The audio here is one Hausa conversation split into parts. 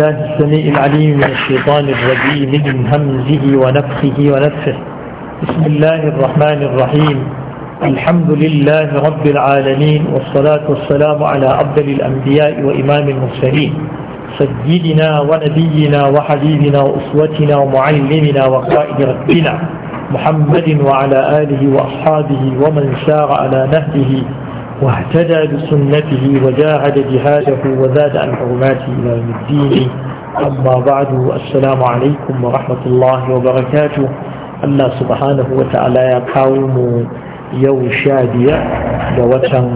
بالله السميع العليم من الشيطان الرجيم من همزه ونفخه ونفخه بسم الله الرحمن الرحيم الحمد لله رب العالمين والصلاة والسلام على أفضل الأنبياء وإمام المرسلين سيدنا ونبينا وحبيبنا وأسوتنا ومعلمنا وقائد ربنا محمد وعلى آله وأصحابه ومن سار على نهجه واهتدى بسنته وجاهد جهاده وزاد عن حرماته إلى يوم الدين أما بعد السلام عليكم ورحمة الله وبركاته الله سبحانه وتعالى يقاوم يوم شادية دوتا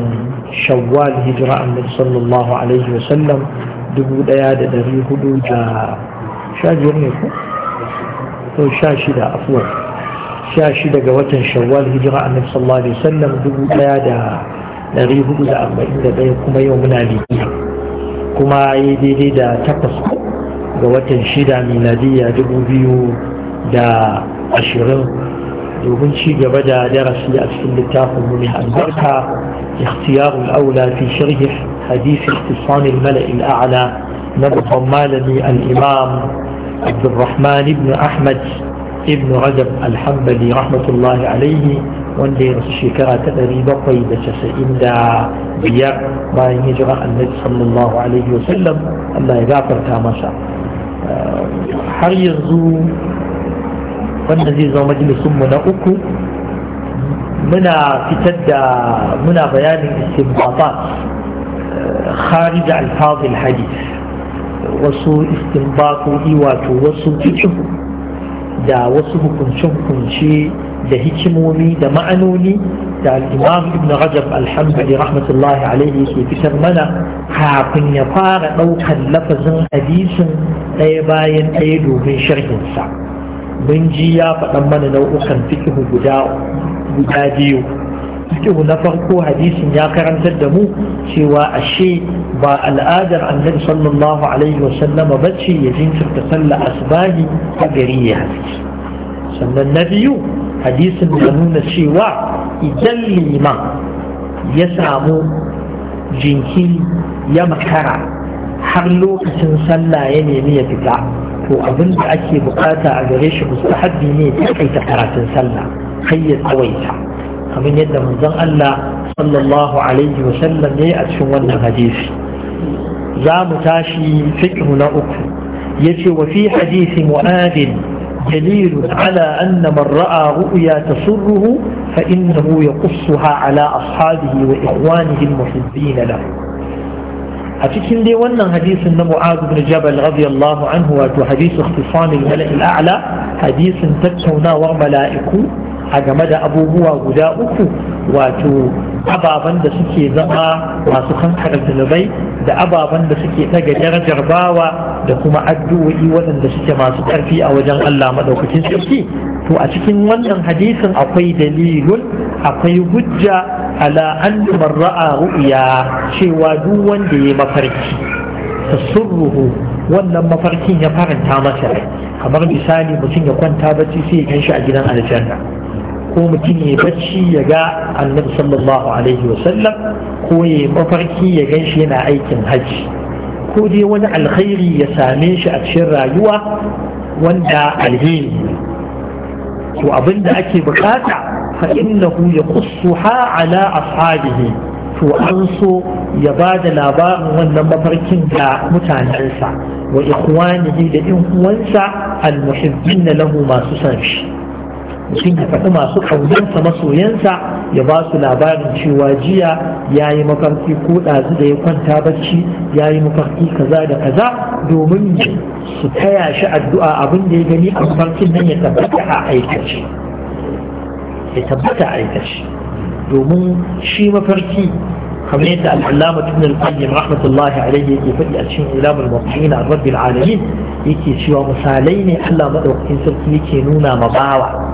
شوال هجرة النبي صلى الله عليه وسلم دبود أياد دري هدوجا شادية نيكو تو شاشدة أفور شاشدة دوتا شوال هجرة النبي صلى الله عليه وسلم دبود أياد ɗari hudu da arba'in da ɗaya kuma yau muna bibiya kuma yi daidai da takwas ga watan shida miladiyya dubu biyu da ashirin domin ci gaba da darasi a cikin littafin mu mai albarka ikhtiyarul aula fi sharhi hadith ikhtisam al-mala' al-a'la na babban malami al-imam عبد الرحمن بن أحمد ابن رجب الحنبلي رحمة الله عليه wanda ya rasu shekara ta ɗari bakwai da casa'in da biyar bayan hijira annabi sallallahu alaihi wasallam Allah ya gafarta masa uh, har yanzu wanda zai zama mu na uku muna fitar da muna bayanin istinbatat uh, kharij al-fadh hadith wasu istinbato'i wato wasu fiqh da wasu hukunce-hukunce da hikimomi da ma'anoni da imam ibn rajab alhamdulillah rahmatullahi alaihi ke fitar mana kafin ya fara ɗaukan lafazin hadisin ɗaya bayan ɗaya domin sharhinsa mun ji ya faɗan mana nau'ukan fikihu guda biyu fikihu na farko hadisin ya karantar da mu cewa ashe ba al'adar annabi sallallahu alaihi ba bace ya jinkirta sallah asbahi a gari ya sannan na biyu hadisin ya nuna cewa idan liman ya samu jinkiri ya makara har lokacin sallah ya nemi ya fita to abin da ake bukata a gare shi mustahabbi ne ta kaita karatun sallah kai ya tsawaita kamar yadda manzon Allah sallallahu alaihi wa sallam ne a cikin wannan hadisi za mu tashi fiqhu na uku yace wa fi hadisi mu'adin دليل على أن من رأى رؤيا تسره فإنه يقصها على أصحابه وإخوانه المحبين له أتكين دي ونن حديث أن معاذ بن جبل رضي الله عنه وحديث اختصام الملأ الأعلى حديث تتونا وملائكو a game da abubuwa guda uku wato ababen da suke zama masu kankara zunubai da ababen da suke daga darajar bawa da kuma addu'o'i waɗanda suke masu ƙarfi a wajen Allah maɗaukacin sarki to a cikin wannan hadisin akwai dalilun akwai hujja ala an ra'a ru'ya cewa duk wanda ya mafarki tasurruhu wannan mafarkin ya faranta masa kamar misali mutum ya kwanta bacci sai ya ganshi a gidan aljanna ko mutum ya bacci ya ga annabi sallallahu alaihi wasallam ko ya mafarki ya gan shi yana aikin hajji ko dai wani alkhairi ya same shi a cikin rayuwa wanda alheri to abin da ake bukata fa innahu kusuha ala ashabihi to an so ya ba da labarin wannan mafarkin ga mutanensa wa ikhwanihi da yan uwansa almuhibbin lahu masu san shi mutum ya faɗi masu ƙaunarsa masoyansa ya ba su labarin cewa jiya ya yi mafarki ko ɗazu da ya kwanta bacci ya yi mafarki kaza da kaza domin su taya shi addu'a abin da ya gani a mafarkin nan ya tabbata a aikace ya tabbata a aikace domin shi mafarki kamar yadda al'allama tun al-qayyim rahmatullahi alaihi yake faɗi a cikin ilamul mu'minin ar-rabbil alamin yake cewa misalai ne Allah maɗaukakin sarki yake nuna ma bawa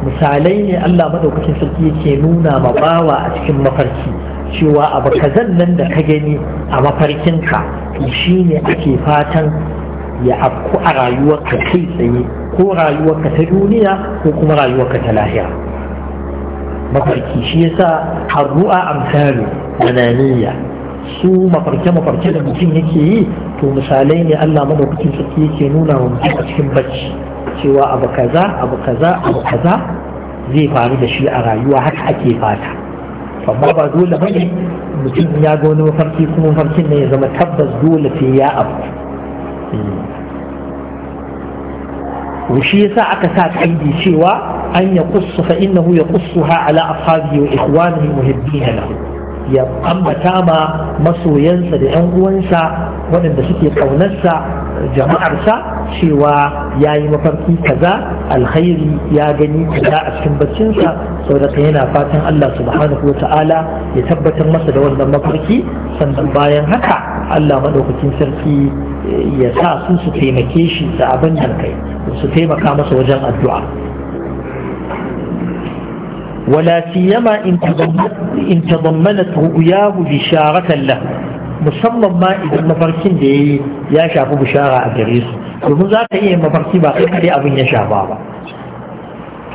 misalai ne Allah madaukakin sarki yake nuna ma bawa a cikin mafarki cewa abu kazan nan da ka gani a mafarkinka shi ne ake fatan ya afku a rayuwarka kai tsaye ko rayuwarka ta duniya ko kuma rayuwarka ta lahira mafarki shi yasa harru'a amsalu ananiya su mafarke-mafarke da mutum yake yi to misalai ne Allah madaukakin sarki yake nuna wa mutum a cikin bacci cewa abu kaza abu kaza abu kaza zai faru da shi a rayuwa haka ake fata amma ba dole ba ne mutum ya ga wani mafarki kuma mafarkin ne ya zama tabbas dole sai ya abu hmm. shi yasa aka sa kaidi cewa an ya kussu fa innahu ya kusu ha ala ashabihi wa ikhwanihi muhibbina lahu ya ambata ma masoyansa da yan uwansa waɗanda suke ƙaunarsa jama'arsa cewa ya yi mafarki kaza alkhairi ya gani kaza a cikin baccinsa saboda yana fatan Allah subhanahu wa ta'ala ya tabbatar masa da wannan mafarki sannan bayan haka Allah maɗaukakin sarki eh, ya sa su su taimake shi da abin da kai su taimaka masa wajen addu'a ولا سيما إن تضمنت رؤياه بشارة له musamman ma idan mafarkin da ya yi ya shafi bishara a gare su domin za ka iya mafarki ba kai kadai abin ya shafa ba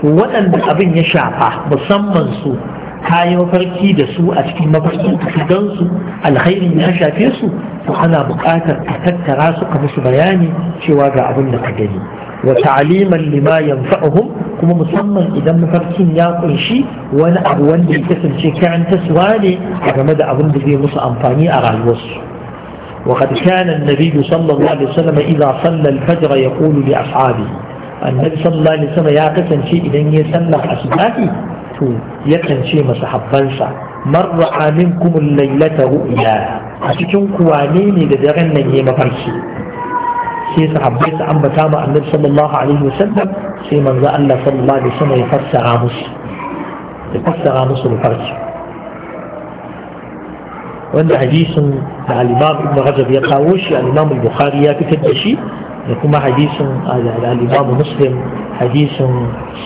waɗanda abin ya shafa musamman su kayan mafarki da su a cikin mafarkin su gan su alkhairin ya shafe su to ana buƙatar ka tattara su ka musu bayani cewa ga abin da ka gani wa ta'aliman lima yanfa'uhum kuma musamman idan mafarkin ya kunshi wani abu wanda ya kasance kayan tasuwa ne a game da abin da zai musu amfani a rayuwarsu wa qad kana an-nabi sallallahu alaihi wasallam idza salla al-fajr yaqulu li ashabi annabi ya kasance idan ya sallar asuba to ya kance masahabbansa marra aminkum al-lailata ru'ya a cikin kuwa ne da daren nan ya mafarki sai sahabbai su ambata ma annabi sallallahu alaihi wasallam sai manzo Allah sallallahu alaihi wasallam ya fassara musu ya fassara musu mafarki wanda hadisin da al-Imam Ibn Rajab ya kawo shi al-Imam Bukhari ya fitar da shi da kuma hadisin al-Imam Muslim hadisin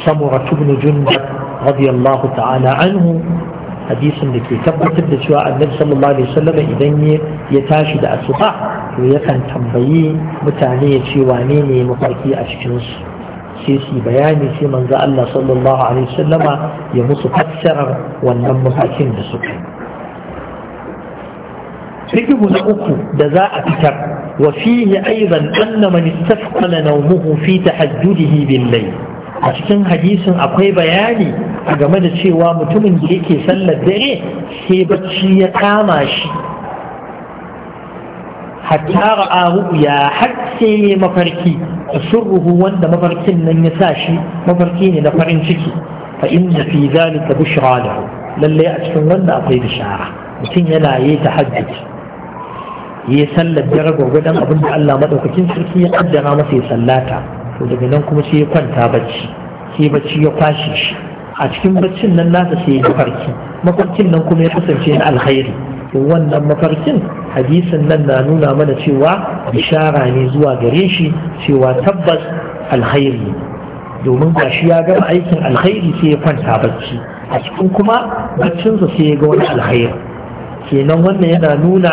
Samurah ibn Jundab radiyallahu ta'ala anhu hadisin da ke tabbatar da cewa annabi sallallahu alaihi wasallam idan ya tashi da asuba to yakan tambayi mutane ya ce wane ne mafarki a cikin su sai su bayani sai manzo Allah sallallahu alaihi wasallama ya musu fassarar wannan mafarkin da suka fikihu na uku da za a fitar wa fihi aidan anna man istafqala nawmuhu fi tahajjudihi bil layl a cikin hadisin akwai bayani a game da cewa mutumin da yake sallar dare sai bacci ya kama shi hatta ra'ahu ya har sai mafarki surruhu wanda mafarkin nan ya sa shi mafarki ne na farin ciki fa inna fi zalika bushra lahu lalle a cikin wanda akwai bishara mutum yana yi tahajjud Ya sallar dare gobe abin da Allah madaukakin sarki ya kaddara masa ya sallata to daga nan kuma sai ya kwanta bacci sai bacci ya kwashe shi a cikin baccin nan nasa sai ya mafarki mafarkin nan kuma ya kasance na alkhairi wannan mafarkin hadisin nan na nuna mana cewa bishara ne zuwa gare shi cewa tabbas alkhairi domin ga shi ya gama aikin alkhairi sai ya kwanta bacci a cikin kuma baccinsa sai ya ga wani alkhairi kenan wannan yana nuna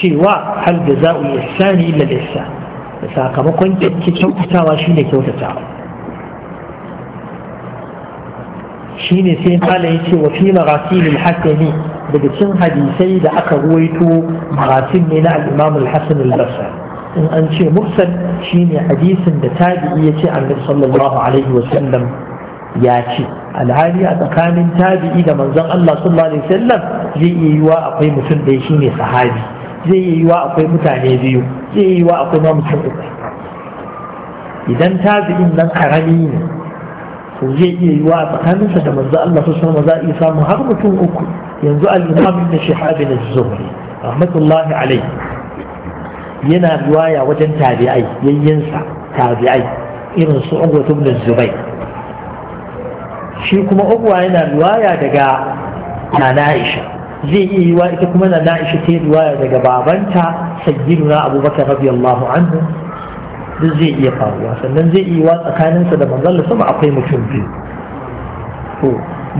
cewa hal da za'u ihsani illa ihsan sakamakon kyakkyawa shi ne kyautata. shi ne sai mala ya ce wa fi marasilin hasani daga cin hadisai da aka ruwaito marasin ne na al'imam al-hassan al-basar in an ce mursal shi ne hadisin da tabi'i ya ce annabi sallallahu alaihi wa sallam ya ce alhali a tsakanin tabi'i da manzon Allah sallallahu alaihi wa sallam, zai iya yiwa akwai mutum da shi shine sahabi zai iya yiwa akwai mutane biyu zai yi wa akwai ma mutum uku idan tabi'in nan karami ne to zai iya yi wa tsakaninsa da manzo Allah su sama za a iya samu har mutum uku yanzu al-imam ibn shihab bin az-zuhri rahmatullahi alayhi yana riwaya wajen tabi'ai yayyinsa tabi'ai irin su Uqwa ibn Zubayr shi kuma Uqwa yana riwaya daga Nana Aisha zai iya yiwa ita kuma na na'isha ta riwaya daga babanta sayyiduna abubakar radiyallahu anhu duk zai iya faruwa sannan zai iya yiwa tsakaninsa da manzon sama akwai mutum biyu to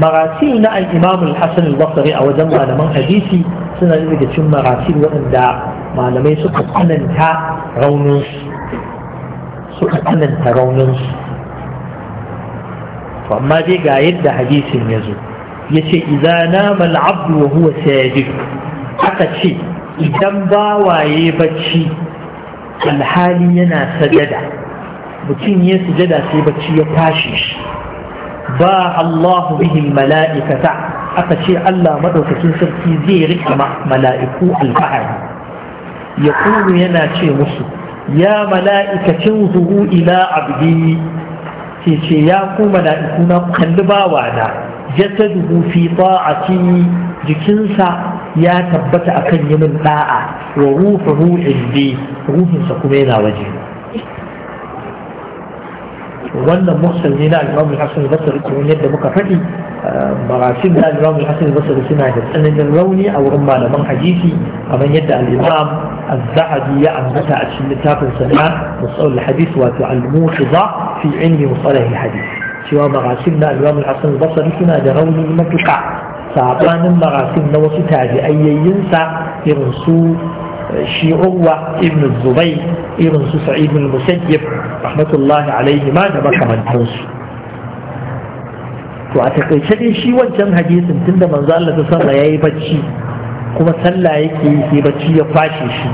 na al-imam al-hasan al-basri a wajen malaman hadisi suna daga cikin marasi waɗanda malamai suka tsananta rauninsu suka tsananta amma dai ga yadda hadisin ya zo ya ce iza nama al'abdu wa huwa sajid aka ce idan bawaye bacci alhali yana sajada mutum ya sujada sai bacci ya tashi shi ba Allah bihi mala'ikata aka ce Allah madaukakin sarki zai rika mala'iku alfahari ya kuru yana ce musu ya mala'ikacin zuhu ila abdi ce ce ya ku mala'iku na kalli bawa na جسده في طاعتي جكنسا يا تبت أكن يمن طاعة وروحه عندي روح سكمينا وجهي wannan mursal ne na al-Imam al-Hasan al-Basri kuma yadda muka faɗi marasin da al-Imam al-Hasan al-Basri suna da tsananin rauni a wurin malaman hadisi kamar yadda al-Imam az-Zahabi ya ambata a cikin littafin sa na Musalul Hadith wato al-Muqidha fi ilmi musalah al-hadith cewa marasim na alwamu hassan basari suna da rauni matuka sabanin marasim na wasu tabi'ayyayyinsa irin su eh, shi urwa ibn zubai irin su sa'id bin musayyib rahmatullahi alaihi ma da makamantansu to a takaice dai shi wancan hadisin tunda manzo Allah ta ya yayi bacci kuma sallah yake yi bacci ya kwashe shi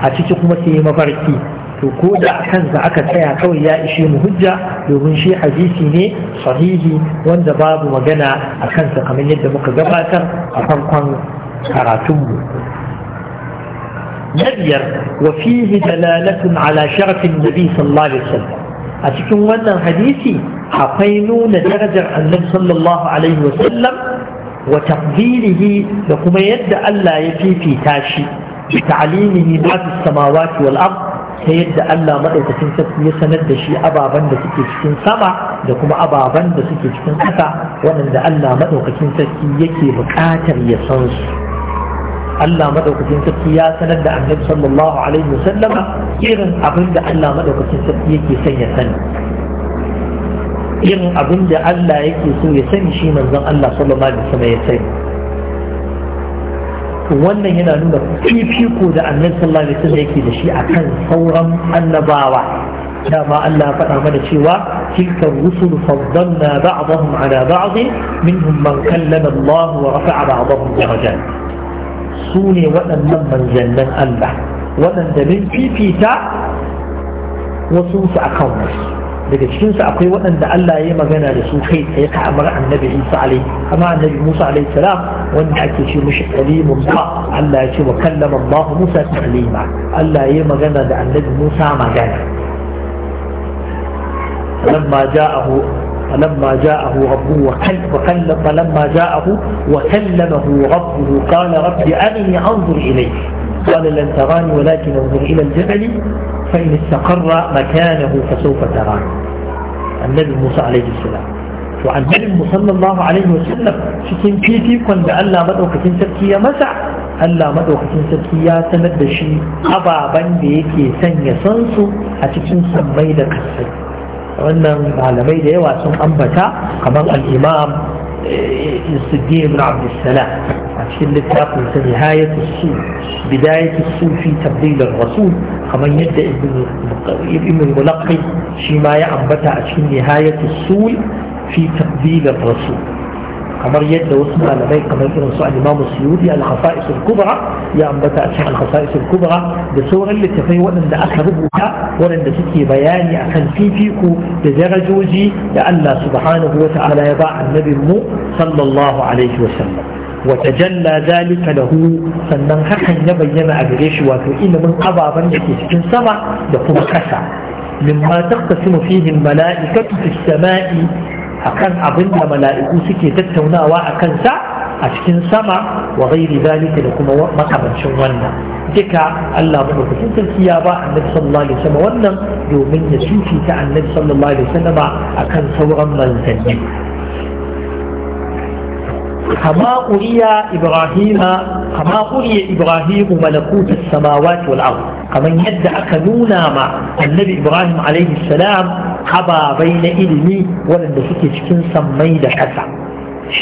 a ciki kuma sai mafarki to ko da kansa aka tsaya kawai ya ishe mu hujja domin shi hadisi ne sahihi wanda babu magana a kansa kamar yadda muka gabatar a farkon karatunmu na biyar wa fihi dalalatun ala sharafin nabi sallallahu alaihi wasallam a cikin wannan hadisi akwai nuna darajar annabi sallallahu alaihi wasallam wa taqdirihi da kuma yadda Allah ya fifita shi bi ta'limihi ma fi samawati wal ard ta yadda Allah maɗaukacin sarki ya sanar da shi ababen da suke cikin sama da kuma ababen da suke cikin ƙasa waɗanda Allah maɗaukacin sarki yake buƙatar ya san su Allah sarki ya sanar da annabi sallallahu alaihi wasallam irin abin da Allah maɗaukacin sarki yake son ya sani irin abin da Allah yake so ya sani shi manzon Allah sallallahu alaihi wasallam ya sani wannan yana nuna fifiko da annabi sallallahu alaihi wasallam yake da shi akan sauran annabawa dama Allah faɗa mana cewa tilka rusul faddalna ba'dahum ala ba'd minhum man kallama Allah wa rafa'a ba'dahum darajat su ne waɗannan manzannin Allah waɗanda min fifita wasu su akan wasu daga cikin su akwai waɗanda Allah ya magana da su kai tsaye kamar annabi Isa alai kama annabi Musa alai salam wanda ake ce mishi kalimun ba Allah ya ce wa kallama Allah Musa kalima Allah ya magana da annabi Musa magana lamma ja'ahu فلما جاءه ربه وكلم فلما جاءه وكلمه ربه قال رب أرني أنظر إليك قال لن تراني ولكن انظر إلى الجبل فإن استقر مكانه فسوف تراني النبي موسى عليه السلام وعن النبي صلى الله عليه وسلم شكين فيتي كن بألا مدوكة سبكية مسع ألا مدوكة سبكية سند شيء أبا بنديك سن يسنسو أتكين سميد قصي وأن معلمي ديوا سن أنبتا كمان الإمام الصديق بن عبد السلام في أشكل في نهاية الصوف بداية الصوف في تبديل الرسول كما يدى ابن الملقي شما يعبت في نهاية الصول في تبديل الرسول كما يدى وسمع لبي كما يقول سؤال الإمام السيودي الخصائص الكبرى يأنبت أشكل الخصائص الكبرى بصورة اللي تفين وأن أخذبها وأن تكي بياني في فيكو جوجي لأن سبحانه وتعالى يباع النبي المو صلى الله عليه وسلم وتجلى ذلك له sannan hakan ya bayyana a gare shi wato ilimin ababen da ke cikin sama da kuma kasa mimma taqtasimu fihi al fi as-sama'i akan abin da mala'iku suke tattaunawa a kansa a cikin sama wa ghairi zalika da kuma makamancin wannan duka Allah madaukakin sarki ya ba annabi sallallahu alaihi wasallam wannan domin ya sufi ta annabi sallallahu alaihi wasallama akan sauran manzanni كما قري إبراهيم كما قري إبراهيم ملكوت السماوات والأرض كما يدعى كنونا مع النبي إبراهيم عليه السلام حبا بين إلمي ولن سكي شكين سميد حسا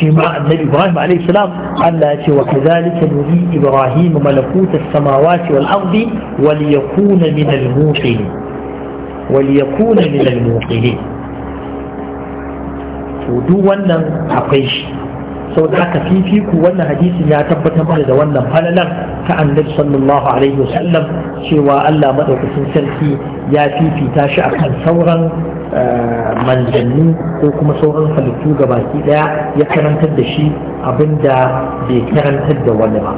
شيما النبي إبراهيم عليه السلام قال لك وكذلك نري إبراهيم ملكوت السماوات والأرض وليكون من الموقنين وليكون من الموقنين ودو ونن أقيش sau da fifiku wannan hadisin ya tabbatar mana da wannan falalar ta annabi sallallahu alaihi wasallam cewa Allah madaukakin sarki ya fifita shi akan sauran eh, manzanni ko kuma sauran halittu gabaki daya ya karantar da shi abinda bai karantar da wani ba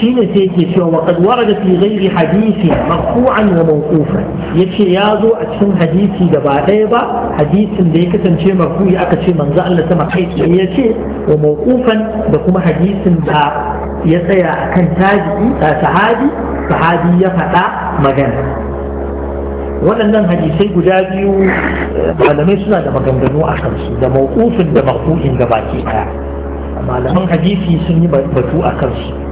شين سيكي سوى وقد ورد في غير حديث مرفوعا وموقوفا يتشي يازو أتشن حديثي دبائبا حديث ديك تنشي مرفوع أكتشي من زعل لسما حيث يتشي وموقوفا بكما حديث دا يسيا كان تاجي سعادي سعادي يفتا مجانا waɗannan hadisai guda biyu malamai suna da maganganu a kansu da mawqufin da marfu'in da baki ɗaya malaman hadisi sun yi batu a kansu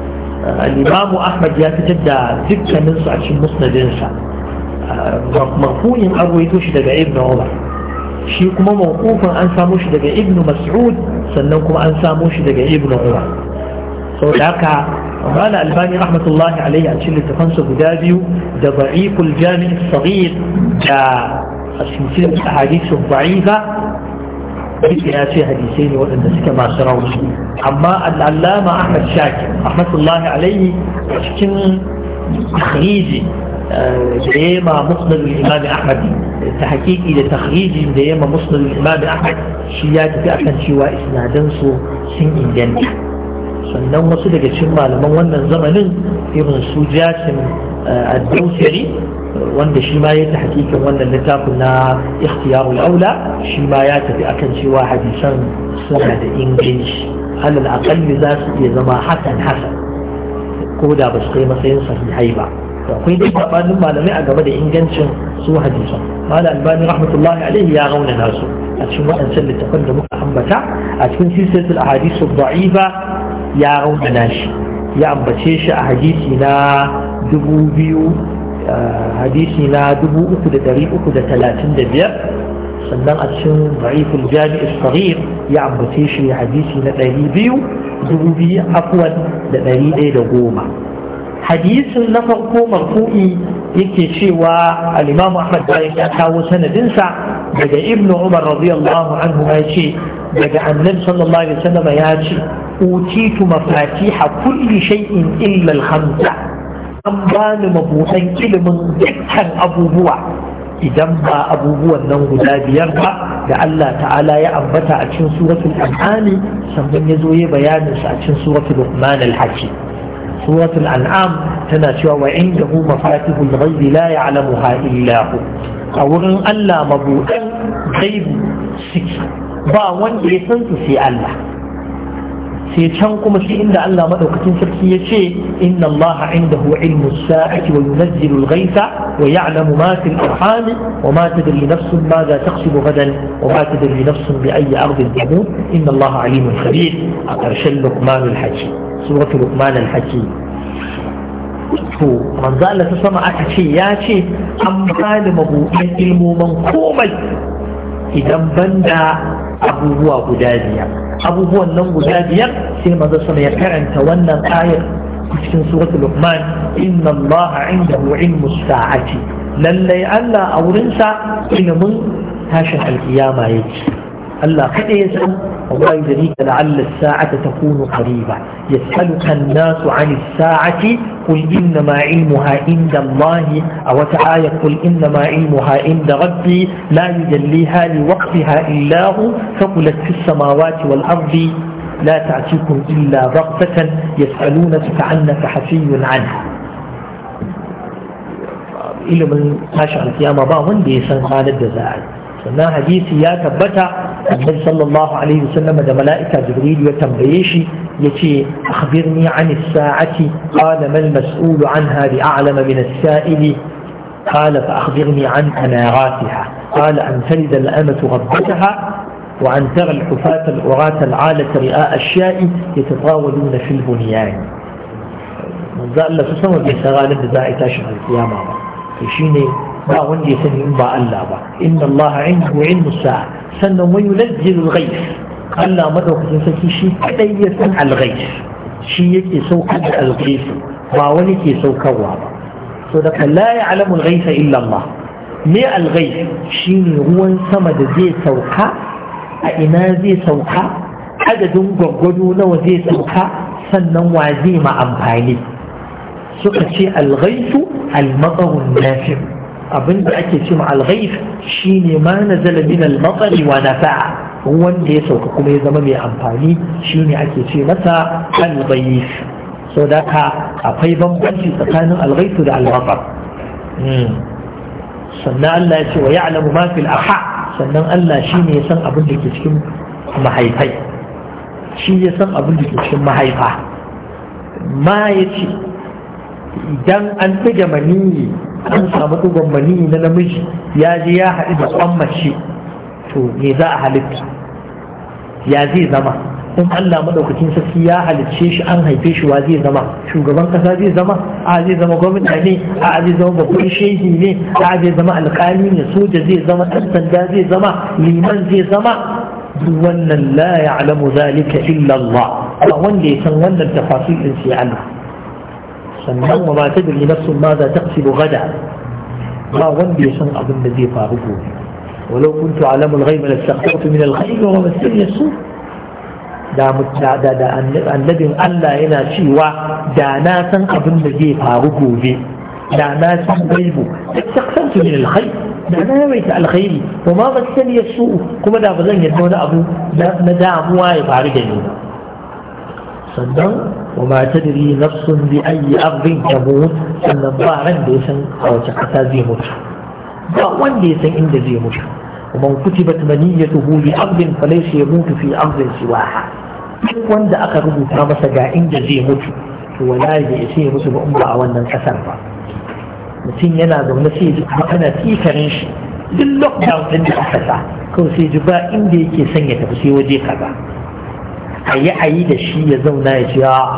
الإمام أحمد يتجد ذكا ننسى عشان مسندنسى مرفوع أرويتوش دقى ابن عمر shi kuma mawqufin an samu shi daga ibnu mas'ud sannan kuma an samu shi daga ibnu umar da haka mala albani rahmatullahi alaihi a cikin littafansa guda biyu da ba'iful jami'i da a duk ya ce hadisai ne waɗanda suke masu rauni amma al'allama ahmad shakir rahmatullahi alayhi a cikin takhriji eh, da ya ma musnadul imam ahmad ta hakiki da takhriji da ya ma musnadul imam ahmad shi ya tafi akan cewa isnadan su sun inganta sannan wasu daga cikin malaman wannan zamanin irin su jasim الدوسري wanda shi ma ya ta hakikin wannan littafin na ikhtiyar aula shi ma ya tafi akan cewa hadisan suna da ingilishi. halal aqalli za su iya zama hasan hasan ko da ba su kai matsayin sahihai ba akwai dai sabanin malamai a game da ingancin su hadisan mala albani rahmatullahi alaihi ya raunana su a cikin waɗancan littafan da muka ambata a cikin silsilatul ahadisu da'ifa ya raunana shi ya ambace shi a hadisi na dubu biyu hadisi na dubu uku da dari uku da talatin da biyar sannan a cikin ba'iful jami'is sarir ya ambace shi hadisi na dari biyu dubu biyu afuwan da dari ɗaya da goma hadisin na farko marfu'i yake cewa al-imamu ahmad bayan ya kawo sanadinsa daga ibnu umar radiyallahu anhu ya ce daga annabi sallallahu alaihi wasallam ya ce utitu mafatiha kulli shay'in illa al-khamsa an bani mabuɗan ilimin dukkan abubuwa idan ba abubuwan nan guda biyar ba da Allah ta'ala ya ambata a cikin suratul an'ami sannan ya zo ya bayanin su a cikin suratul luqman al-hakim suratul an'am tana cewa wa indahu mafatihul ghaibi la ya'lamuha illa hu a wurin Allah mabuɗan ghaibi suke ba wanda ya san su sai Allah sai can kuma shi inda Allah madaukakin sarki ya ce inna Allah indahu ilmu sa'ati wa yunazzilu al-ghaytha wa ya'lamu ma fil arham wa ma tadri nafsun ma za taksibu gadan wa ma tadri nafsun bi ayyi ardin tamut inna Allah alimun khabir a ƙarshen Luqman al-Hakim suratul Luqman al-Hakim to manzo Allah ta sama aka ce ya ce an bani mabuɗin ilmoman komai idan banda abubuwa guda biyar abubuwan nan guda biyar sai manzo sama ya karanta wannan ayar cikin suratul luqman inna allaha indahu ilmu sa'ati lallai Allah a wurin sa ilimin tashin alkiyama yake Allah kaɗai ya san Allah yudrika la'alla saata takunu qariba yas'aluka an-nasu 'ani as-sa'ati qul innama 'ilmuha 'inda Allah aw ta'ala qul innama 'ilmuha 'inda rabbi la yujalliha li waqtiha illa hu faqulat fis samawati wal ardi لا تعطيكم إلا بغتة يسألونك عنك حفي عنه إلا من قاشع القيامة بعضا ليسان قال الدزاعي سنا حديث يا كبتا النبي صلى الله عليه وسلم دا ملائكة جبريل وتمريشي يتي أخبرني عن الساعة قال ما المسؤول عنها لأعلم من السائل قال فأخبرني عن أناراتها قال أن تلد الأمة ربتها وأن ترى الحفاة العراة العالة رئاء الشاء يتطاولون في البنيان manzo Allah su sama bai san ranar da za a yi tashin alkiyama ba to shine ba wanda ya sani in ba Allah ba inna Allah indahu ilmu sa'a sannan wa yunzilu al-ghayth Allah madaukakin sarki shi kadai ya san al-ghayth shi yake saukar da al-ghayth ba wani ke saukarwa ba so da la ya'lamu al shine ruwan sama da zai sauka a ina zai sauka adadin gwaggwado nawa zai sauka sannan wa zai ma amfani suka ce alghaisu almatsarun nafi abin da ake ce ma alghais shine ma nazala min almatsari wa nafa'a wanda ya sauka kuma ya zama mai amfani shine ake ce masa alghais so da ka akwai bambanci tsakanin alghaisu da almatsar hmm. sannan Allah ya ce wa ya'lamu ma fil sannan Allah shi ne ya san abin da ke cikin mahaifai shi ya san abin da ke cikin mahaifa ma ya ce idan an ɗiga maniyi an samu ɗigon maniyi na namiji ya je ya haɗu da kwan mace to me za a halitta ya zai zama in Allah madaukakin sarki ya halicce shi an haife shi wa zai zama shugaban kasa zai zama a zai zama gwamnati ne a zai zama babban shehi ne a zai zama alƙali ne soja zai zama ɗan sanda zai zama liman zai zama duk wannan la ya'lamu zalika illa Allah ba wanda ya san wannan tafasil din sai Allah sannan wa ma tadri nafsun ma za taqsibu gada ba wanda ya san abin da zai faru gobe ولو كنت أعلم الغيب لاستغفرت من الغيب وما مسني السوء da da da annabin Allah yana cewa da na san abin da zai faru gobe da na san gaibu taksantu min alkhair da na yawaita alkhairi kuma ba san ya su kuma da ba zan yadda wani abu na damuwa ya faru da ni sannan wa ma tadri nafsun bi ayi ardin tamut sannan ba ran da ya san a wace kasa zai mutu ba wanda ya san inda zai mutu ومن كتبت منيته بأرض فليس يموت في أرض سواها duk wanda aka rubuta masa ga inda zai mutu to wallahi bai isa ya mutu ba umma a wannan kasar ba mutum yana zaune sai ji kuma ana tsikarin shi duk lockdown din da aka sa kawai sai ji ba inda yake son ya tafi sai waje kaza a yi da shi ya zauna ya ji ah,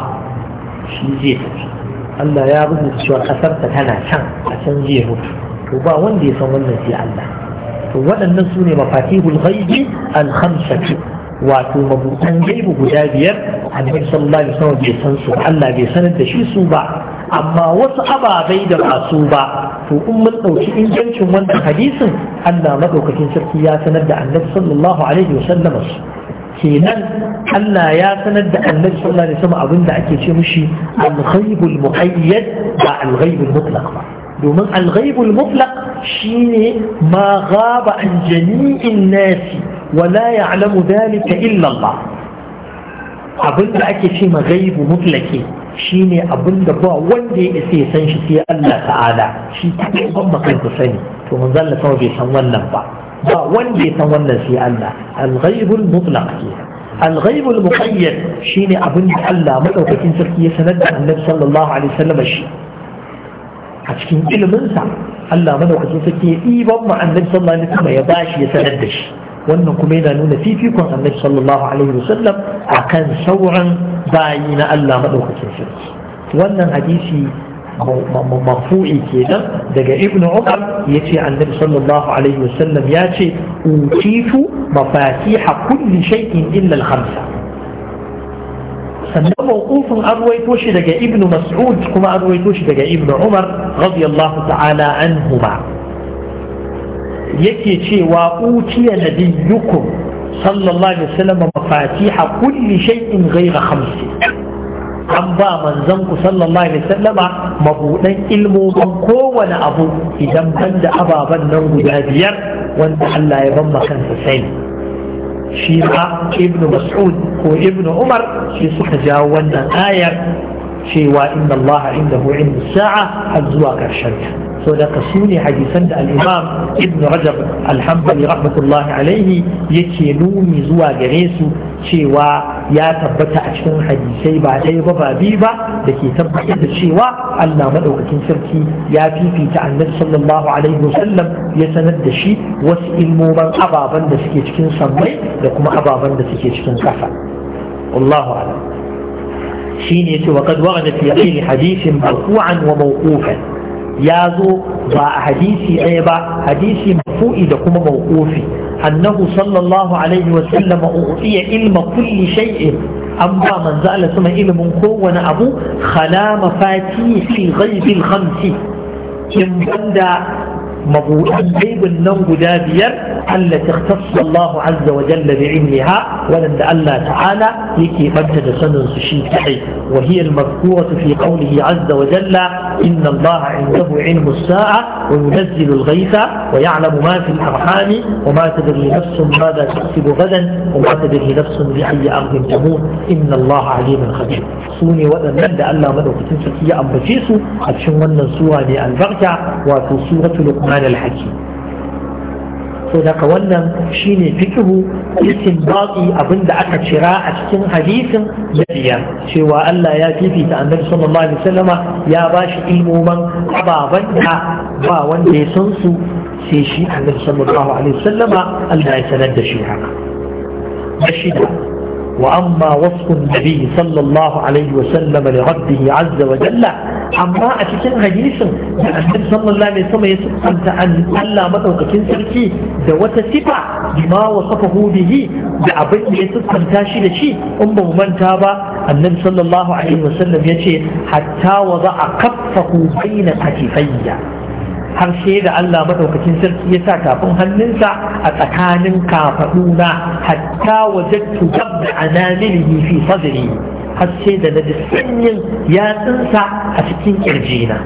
shi zai tafi Allah ya rubuta cewa kasar ta tana can a can zai mutu to ba wanda ya san wannan sai Allah to waɗannan su ne mafatihul ghaibi al-khamsatu wato mabutan gaibu guda biyar annabi sallallahu alaihi wasallam bai san su Allah bai sanar da shi su ba amma wasu ababai da ba su ba to in mun dauki ingancin wannan hadisin Allah madaukakin sarki ya sanar da annabi sallallahu alaihi wasallam su kenan Allah ya sanar da annabi sallallahu alaihi wasallam abinda ake ce mushi, al-ghaibul muqayyad ba al-ghaibul mutlaq ba domin alghaibul mutlaq shine ma ghaba an jami'in nasi wala ya'lamu dhalika illa Allah abinda ake ce ma ghaibu mutlaki shine abinda ba wanda ya isa ya san shi sai Allah ta'ala shi take ban makan ku sani to manzo Allah kawai bai san wannan ba ba wanda ya san wannan sai Allah al-ghaibul mutlaq al-ghaib al-muqayyad shine abinda Allah madaukakin sarki ya sanar da Annabi sallallahu alaihi wasallam shi a cikin iliminsa Allah madaukakin sarki ya ɗiban ma annabi sallallahu alaihi wasallam ya bashi ya sanar da shi wannan kuma yana nuna fifikon annabi sallallahu alaihi wasallam akan sauran bayi na Allah madaukakin sarki wannan hadisi مرفوعي kenan daga ابن umar يتي عن النبي صلى الله عليه وسلم ياتي أوتيت مفاتيح كل شيء إلا الخمسة sannan mawqufin an shi daga ibn mas'ud kuma an shi daga ibn umar radiyallahu ta'ala anhuma yake cewa uciya nabiyyukum sallallahu alaihi wasallam mafatiha kulli shay'in ghayra khamsi an ba manzon ku sallallahu alaihi wasallama mabudan ilmomin kowane abu idan banda ababan nan guda biyar wanda Allah ya ban kansa sai شيخ ابن مسعود وابن عمر في سنة جاونا آية في وإن الله عنده علم الساعة الزواج الشريف so da ka shi ne hadisan da al'imam ibn rajab alhambali rahmatullahi alaihi yake nuni zuwa gare su cewa ya tabbata a cikin hadisai ba ɗaya ba ba biyu ba da ke tabbatar da cewa Allah maɗaukakin sarki ya fifita annabi sallallahu alaihi wasallam ya sanar da shi wasu ilmoman ababen da suke cikin sammai da kuma ababen da suke cikin ƙasa wallahu a'lam shine yace wa qad hadisin fi hadithin marfu'an wa mawqufan ya zo ba a hadisi ɗaya ba hadisi mafu'i da kuma mawqufi annahu sallallahu alaihi wa sallam u'tiya ilma kulli shay'in an ba manzo Allah sama ilimin kowane abu khala mafati fi ghaibi al-khamsi in banda mabuɗan gaibin nan guda biyar Allah ta Allah azza wa jalla bi ilmiha waɗanda Allah ta'ala yake banta da sanin su shi kadai wa hiya al-mazkuratu fi qawlihi azza wa jalla inna Allah indahu ilmu saa wa yunazzilu al-ghaytha wa ya'lamu ma fi al-arham wa ma tadri nafsun madha taksubu gadan wa ma tadri nafsun bi ayyi ardin tamut inna Allah alimun khabir sune waɗannan da Allah madaukakin sarki ya ambace su a cikin wannan sura ne albarka wato suratul luqman al-hakim so daga wannan shine fiqhu istinbati abinda aka cira a cikin hadisin ya cewa Allah ya fifita annabi sallallahu alaihi wasallama ya bashi ilmoman ababan da ba wanda ya san su sai shi annabi sallallahu alaihi wasallama Allah ya sanar da shi haka shida وأما وصف النبي صلى الله عليه وسلم لربه عز وجل أما أتكن حديث النبي صلى الله عليه وسلم يسألت أن ألا مدوكتين سلكي دوة سفع بما وصفه به بأبن يسألت تاشي لشي أم من تابا النبي صلى الله عليه وسلم يشي حتى وضع كفه بين كتفيه Harshe da Allah maɗaukacin sarki ya sa tafin hannunsa a tsakanin kafaduna hatta wajadtu qabda anamilihi fi sadri har sai da na sanyin yatsunsa a cikin kirjina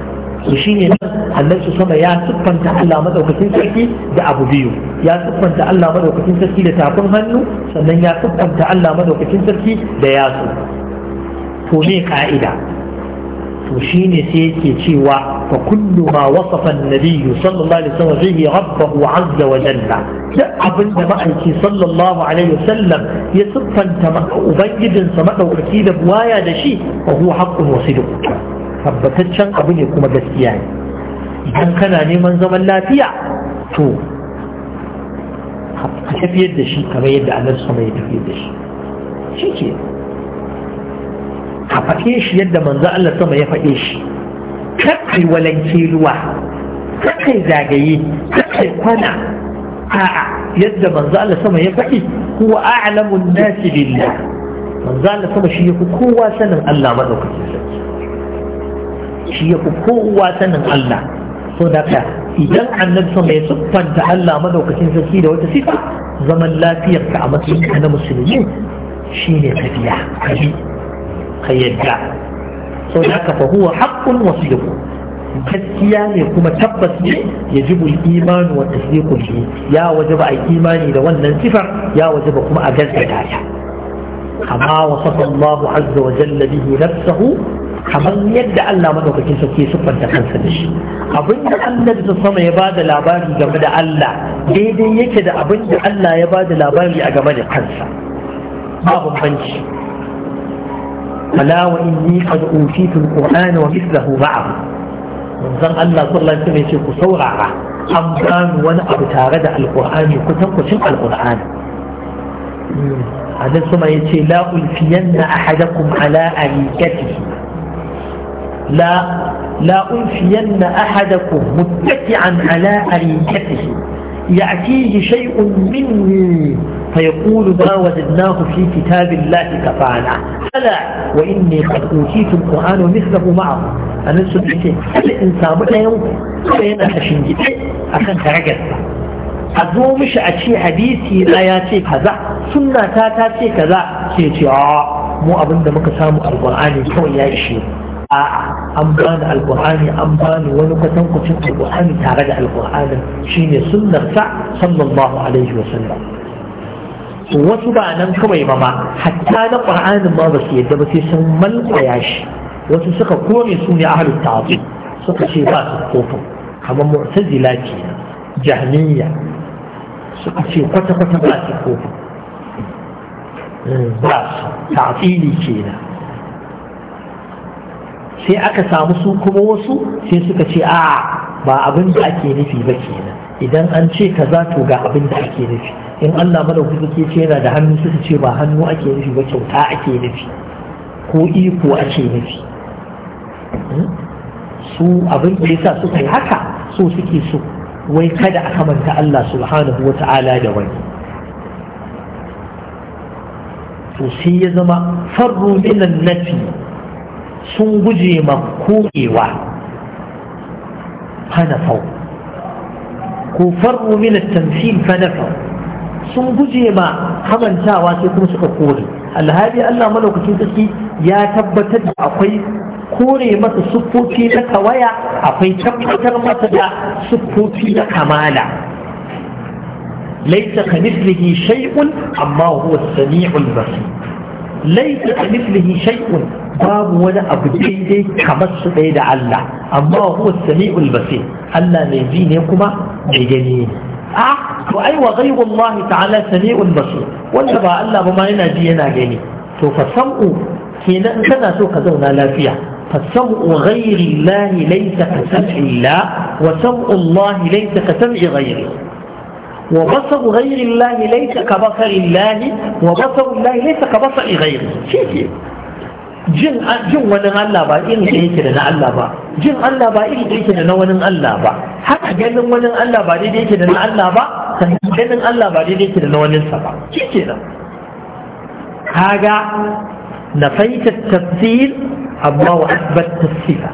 to shine nan Allah su sama ya siffanta Allah maɗaukacin sarki da abu biyu ya siffanta Allah maɗaukacin sarki da tafin hannu sannan ya siffanta Allah maɗaukacin sarki da yatsu to ne ka'ida to ne sai yake cewa fa kullu ma wasafa an sallallahu alaihi wasallam bihi rabbahu azza wa jalla da abin da ma'aiki sallallahu alaihi wasallam ya siffanta ubangijinsa madaukaki da buwaya da shi fa huwa haqqun wa sidq tabbataccen abu ne kuma gaskiya ne idan kana neman zaman lafiya to ka tafiyar da shi kamar yadda annabi sama ya tafiyar da shi shi ke A faɗe shi yadda manzo Allah sama ya faɗe shi kakkai walanke ruwa kakkai zagaye kakkai kwana a'a yadda manzo Allah sama ya faɗi huwa a'lamu an-nasi billah manzo Allah sama shi yafi kowa sanin Allah madaukakin sarki shi yafi kowa sanin Allah so da ka idan annabi sama ya siffanta Allah madaukakin sarki da wata sifa zaman lafiyarka a matsayin na musulmi shine tafiya kabi ka yadda sau da haka fahuwa haƙƙun wasu gaskiya ne kuma tabbas ne ya ji imanu wa tasdiqu bihi ya ba a imani da wannan sifar ya ba kuma a gaskata ta Amma wasafa Allah azza wa jalla bihi nafsuhu kamar yadda Allah madaukakin sarki siffanta kansa da shi abinda Allah da sama ya bada labari game da Allah daidai yake da abinda Allah ya bada labari a game da kansa ba bambanci ألا وإني قد أوتيت القرآن ومثله معه من ظن صلى لا ظل أن تبعي شيء كسورة أمضان وانا أبتارد القرآن يكتن كسن القرآن هذا ثم يتي لا ألفين أحدكم على أريكته لا لا أنفين أحدكم متكئا على أريكته يأتيه شيء مني فيقول ما وجدناه في كتاب الله كفانا ألا وإني قد أوتيت القرآن ومثله معه أنا سمعت هل إنسان ولا يوم وين أشين جدي أكن ترجع أزو مش أشي حديثي لا ياتي كذا سنة تاتي كذا سيتي آه مو أبن دمك سامو القرآن كوي يا إشي آه أم بان القرآن أم بان ونكتن كتن القرآن تارجع القرآن شيني سنة صلى الله عليه وسلم wasu ba nan kawai ba ma hatta na ƙur'anin ma ba su yadda ba sai sun malƙwaya shi wasu suka kome su ne a ta'zim suka ce ba su kofin kamar mu'tazila ke jahmiya suka ce kwata kwata ba su kofin eh, ba su ta'zili kenan sai aka samu su kuma wasu sai suka ce a ba abin da ake nufi ba kenan idan an ce kaza to ga abin da ake nufi in Allah madaukaki ce yana da hannu suka ce ba hannu ake nufi ba kyauta ake nufi ko iko ake nufi hmm? su abin da yasa suka yi haka so suke so wai kada a kamanta Allah subhanahu wa ta'ala da wani to sai ya zama farru minan nafi sun guje ma koyewa hanafau ko farru minan tamsil fanafau sun guje ma kamantawa sai kuma suka kore alhali Allah malaukacin sarki ya tabbatar da akwai kore masa siffofi na kawaya akwai tabbatar masa da siffofi na kamala ka kamithlihi shay'un amma huwa samiul basir ka kamithlihi shay'un babu wani abu daidai kamar su ɗaya da Allah amma huwa samiul basir Allah mai ji ne kuma mai gani ne ah! to ai wa ghaibu Allah ta'ala sami'un basir wanda ba Allah ba ma yana ji yana gani to fa sam'u kenan kana so ka zauna lafiya fa sam'u ghairi Allah laysa ka sam'i Allah wa sam'u Allah laysa ka sam'i ghairi wa basar ghairi Allah laysa ka basar Allah wa basar Allah laysa ka basar ghairi shi ke jin wani Allah ba irin da yake da na Allah ba jin Allah ba irin da yake da na wani Allah ba haka ganin wani Allah ba daidai yake da na Allah ba sannan ganin Allah ba daidai yake da na wani sa ba shi ke nan kaga na faita tafsir amma wa asbat tafsira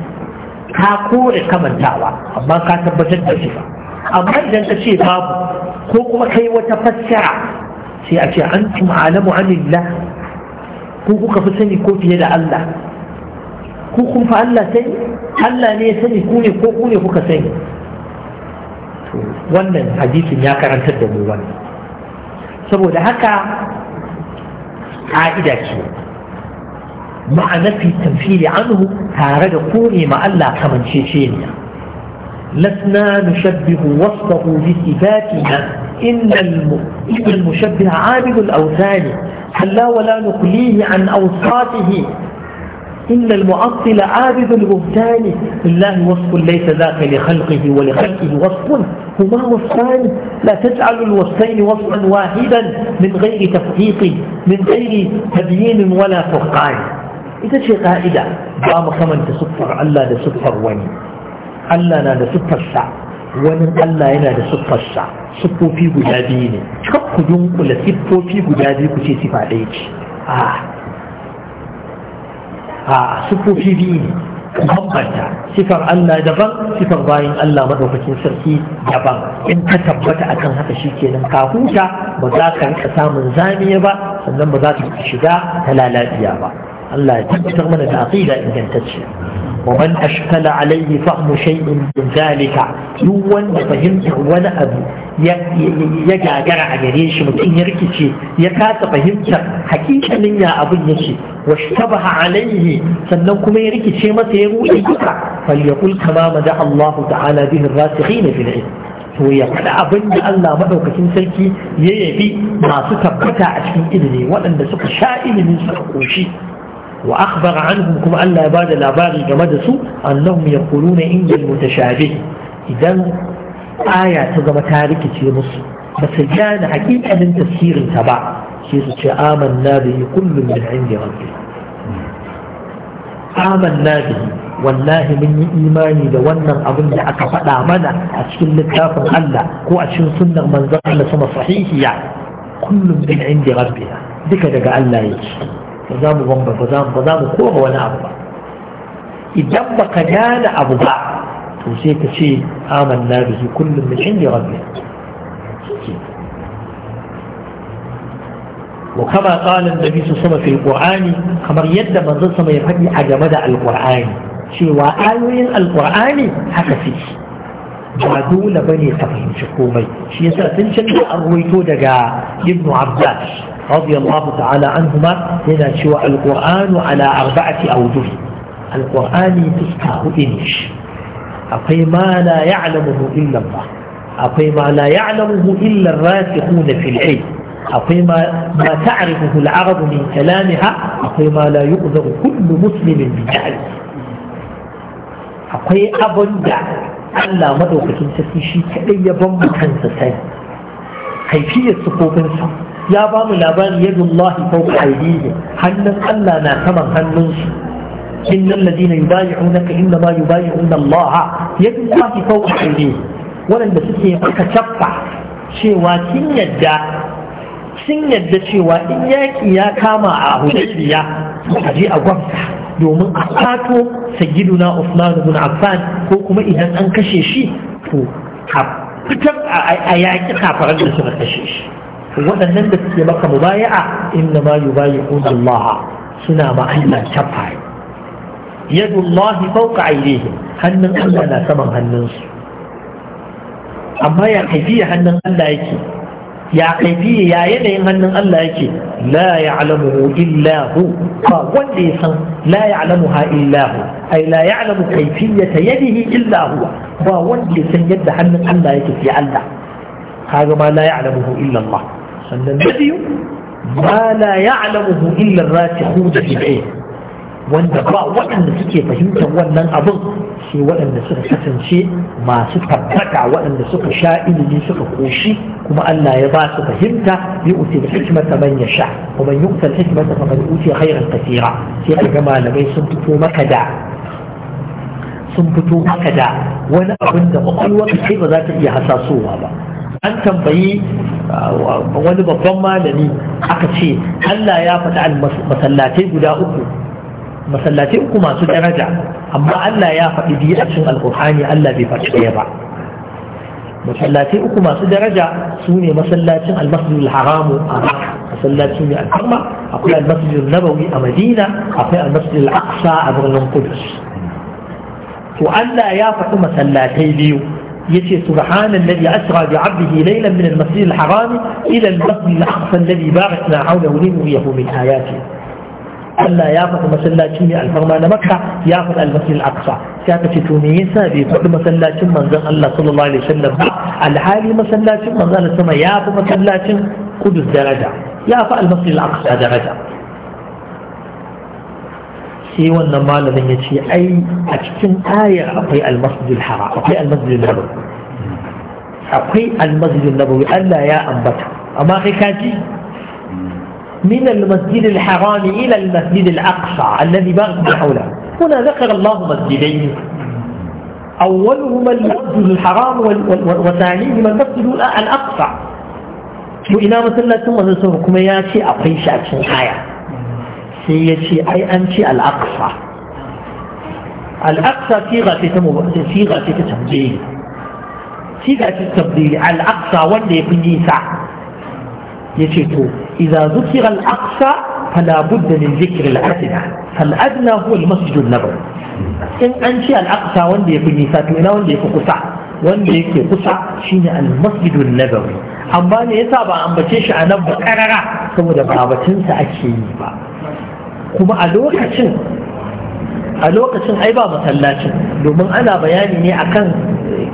ka kore kamantawa amma ka tabbatar da sifa amma idan ka ce babu ko kuma kai wata fassara sai a ce antum alamu anillah ku kuka fi sani ko fiye da Allah ku kun fa Allah sani Allah ne ya sani ku ne ko ku ne kuka sani wannan hadisin ya karantar da mu wannan saboda haka ka'ida ce ma'ana fi tamfili anhu tare da kore ma Allah kamanceceniya lasna nushabbihu wasfahu bi sifatina إن المشبه عابد الأوثان حلا ولا نقليه عن أوصافه إن المعطل عابد البهتان لله وصف ليس ذاك لخلقه ولخلقه وصف هما وصفان لا تجعل الوصفين وصفا واحدا من غير تفقيق من غير تبيين ولا فرقان إذا شيء قائدة قام كمن تسفر ألا تسفر وني ألا لا تسفر شعب wani Allah yana da siffarsa siffofi guda biyu ne kar ku dunkula siffofi guda biyu ku ce sifa ɗaya ce a a siffofi biyu ne ku bambanta sifar Allah daban sifar bayan Allah madaukakin sarki daban in ka tabbata akan haka kenan ka huta ba za ka rika samun zamiya ba sannan ba za ka shiga ta lalaciya ba Allah ya tabbatar mana da aqida ingantacciya ومن أشكل عليه فهم شيء من ذلك يوان فهم وانا أبو يجاجر عجريش متين يركشي يكاد فهمت حقيقة من يا أبو يشي واشتبه عليه سننكم يركشي ما سيروا إيكا فليقول كما مدح الله تعالى به الراسخين في العلم to ya faɗi abin da Allah maɗaukacin sarki ya yabi masu tabbata a cikin ilimi waɗanda suka sha ilimin suka ƙoshi wa akhbara anhum kuma Allah ya da labari game da su ya annahum yaquluna innal mutashabih idan aya ta zama ta rikice musu ba su gane hakikalin tafsirin ta ba sai su ce amanna bihi kullun min inda rabbi amanna bihi wallahi mun yi imani da wannan abun da aka faɗa mana a cikin littafin Allah ko a cikin sunnar manzon Allah sama sahihiya kullum min inda rabbi duka daga Allah yake ba za mu bamba ba za mu koma wani abu ba idan ba ka gane abu ba to sai ka ce aman na bihi kullum mai inda rabbi wa kama tsalin da bisa sama fi qur'ani kamar yadda manzon sama ya faɗi a game da alƙur'ani cewa ayoyin alƙur'ani haka fi ba dole ba ne ta fahimci komai shi yasa sun can da an daga ibnu abbas رضي الله تعالى عنهما هنا شوى القرآن على أربعة أوجه القرآن تسكه إنش أقي ما لا يعلمه إلا الله أقي ما لا يعلمه إلا الراسخون في العلم أقي ما, ما تعرفه العرب من كلامها أقي ما لا يؤذر كل مسلم بجهله أقي أبن ألا madaukakin sarki شيء كأي ya ban كيفية سقوط kaifiyar ya ba mu labari yadullahi fawqa aydihim hannun Allah na saman hannunsu إن الذين يبايعونك إنما يبايعون الله يد الله فوق أيديهم ولن بسكي كتبع شيوا سن يدى سن ya kama a يا a أهديبيا a أغفتا domin a fato sayyiduna Usman ibn Affan ko kuma idan an kashe shi to a fitar a yaƙi kafaran da suka kashe shi waɗannan da suke maka mubaya'a inna ma yubayi'una Allah suna ma Allah tafaye yadu Allah fawqa aydihim hannun Allah na saman hannunsu amma ya kaifiya hannun Allah yake ya kaifiya ya yanayin hannun Allah yake la ya'lamuhu illa hu ba wanda ya san la ya'lamuha illa hu ay la ya'lamu kayfiyata yadihi illa hu? ba wanda ya san yadda hannun Allah yake sai Allah kaga ma la ya'lamuhu illa Allah sannan na biyu ma la ya'lamuhu illa ar-rasikhuna fil wanda ba waɗanda suke fahimtar wannan abin sai waɗanda suka kasance masu tabbata waɗanda suka sha ilimi suka koshi kuma Allah ya ba su fahimta ya uti da hikmata man ya sha kuma yi hikmata fa man uti khairan kasira sai ga malamai sun fito maka da sun fito maka da wani abin da kwakwalwa kai ba za ta iya hasasowa ba an tambayi ah, wani babban malami aka ce Allah ya faɗi masallatai guda uku masallatai uku masu daraja amma Allah ya faɗi biyu a cikin alkur'ani Allah bai faɗi ɗaya ba masallatai uku masu daraja su ne masallacin almasjidul haramu a masallaci ne al'amma akwai almasjidul nabawi a madina akwai almasjidul aqsa a birnin kudus to Allah ya faɗi masallatai biyu يتي سبحان الذي أسرى بعبده ليلا من المسجد الحرام إلى المسجد الأقصى الذي باركنا حوله لنريه من آياته ألا يأخذ مسلا كمي الفرمان مكة يأخذ المسجد الأقصى كانت تومي هذه كل مسلات من ذن الله صلى الله عليه وسلم الحال مسلا كم من ذن السماء يأخذ مسلا كم قدس درجة يا يأخذ المسجد الأقصى درجة sai wannan malamin ya ce ai a cikin akwai almasjidul hara akwai almasjidul nabawi akwai almasjidul nabawi Allah ya ambata amma kai kaji min almasjidul haram ila almasjidul aqsa alladhi ba'd hawla kuna zakar Allah masjidain awwaluhuma almasjidul haram wa thanihuma almasjidul aqsa to ina masallatin wa sun kuma ya ce akwai shi a cikin aya sai ya ce ai an ce al'aqsa al'aqsa siga ce ta siga ce ta tambaye siga ce ta tambaye al'aqsa wanda ya fi nisa ya ce to idza zukira al'aqsa fala budda min zikri al'adna al'adna huwa al-masjid na nabawi in an ce al'aqsa wanda ya fi nisa to ina wanda ya fi kusa wanda yake kusa shine al-masjid an-nabawi amma ne yasa ba ambace shi a nan ba karara saboda babatinsa ake yi ba kuma a lokacin a lokacin ai ba masallacin domin ana bayani ne akan